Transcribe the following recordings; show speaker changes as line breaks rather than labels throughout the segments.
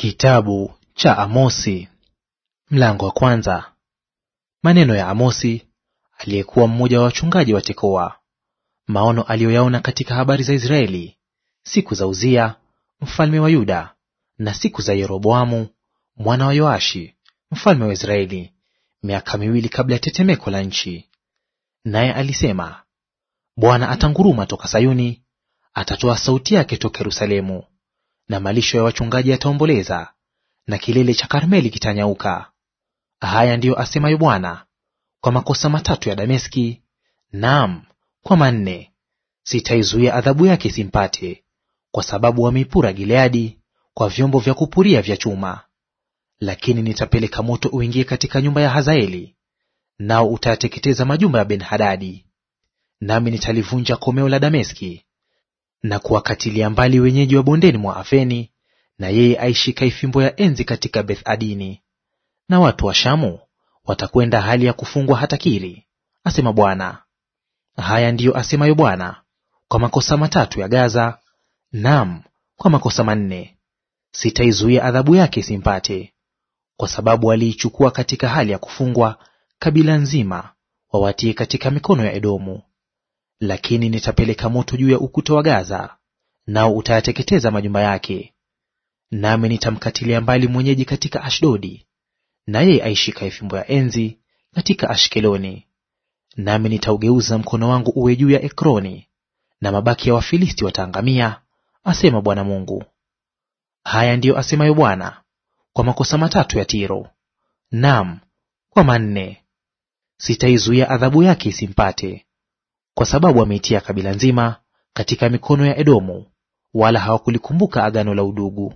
Kitabu cha Amosi mlango wa kwanza. Maneno ya Amosi aliyekuwa mmoja wa wachungaji wa Tekoa, maono aliyoyaona katika habari za Israeli siku za Uzia mfalme wa Yuda, na siku za Yeroboamu mwana wa Yoashi mfalme wa Israeli, miaka miwili kabla ya tetemeko la nchi. Naye alisema, Bwana atanguruma toka Sayuni, atatoa sauti yake toka Yerusalemu na malisho ya wachungaji yataomboleza, na kilele cha Karmeli kitanyauka. Haya ndiyo asemayo Bwana, kwa makosa matatu ya Dameski, naam kwa manne, sitaizuia adhabu yake simpate, kwa sababu wameipura Gileadi kwa vyombo vya kupuria vya chuma. Lakini nitapeleka moto uingie katika nyumba ya Hazaeli, nao utayateketeza majumba ya Ben-Hadadi. Nami nitalivunja komeo la Dameski na kuwakatilia mbali wenyeji wa bondeni mwa Aveni, na yeye aishikaye fimbo ya enzi katika Beth Adini. Na watu wa Shamu watakwenda hali ya kufungwa hata Kiri, asema Bwana. Haya ndiyo asemayo Bwana kwa makosa matatu ya Gaza, nam kwa makosa manne, sitaizuia adhabu yake isimpate, kwa sababu aliichukua katika hali ya kufungwa kabila nzima, wawatie katika mikono ya Edomu. Lakini nitapeleka moto juu ya ukuta wa Gaza, nao utayateketeza majumba yake. Nami nitamkatilia mbali mwenyeji katika Ashdodi, na yeye aishikaye fimbo ya enzi katika Ashkeloni. Nami nitaugeuza mkono wangu uwe juu ya Ekroni, na mabaki ya Wafilisti wataangamia, asema Bwana Mungu. Haya ndiyo asemayo Bwana kwa makosa matatu ya Tiro, naam, kwa manne, sitaizuia adhabu yake isimpate, kwa sababu ameitia kabila nzima katika mikono ya Edomu, wala hawakulikumbuka agano la udugu.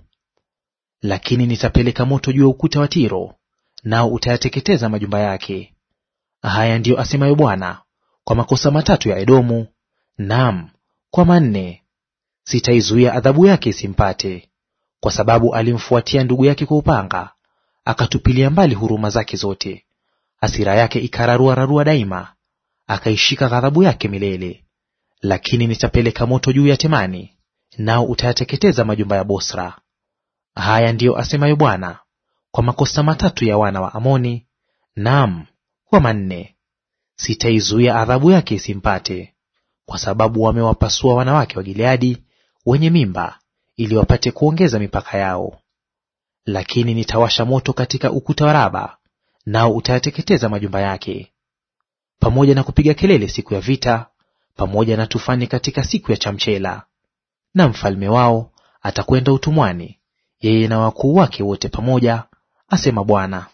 Lakini nitapeleka moto juu ya ukuta wa Tiro, nao utayateketeza majumba yake. Haya ndiyo asemayo Bwana kwa makosa matatu ya Edomu, naam kwa manne, sitaizuia adhabu yake isimpate, kwa sababu alimfuatia ndugu yake kwa upanga, akatupilia mbali huruma zake zote. Hasira yake ikararua rarua daima, akaishika ghadhabu yake milele. Lakini nitapeleka moto juu ya Temani, nao utayateketeza majumba ya Bosra. Haya ndiyo asemayo Bwana kwa makosa matatu ya wana wa Amoni, naam kwa manne, sitaizuia adhabu yake isimpate, kwa sababu wamewapasua wanawake wa Gileadi wenye mimba, ili wapate kuongeza mipaka yao. Lakini nitawasha moto katika ukuta wa Raba, nao utayateketeza majumba yake pamoja na kupiga kelele siku ya vita, pamoja na tufani katika siku ya chamchela. Na mfalme wao atakwenda utumwani, yeye na wakuu wake wote pamoja, asema Bwana.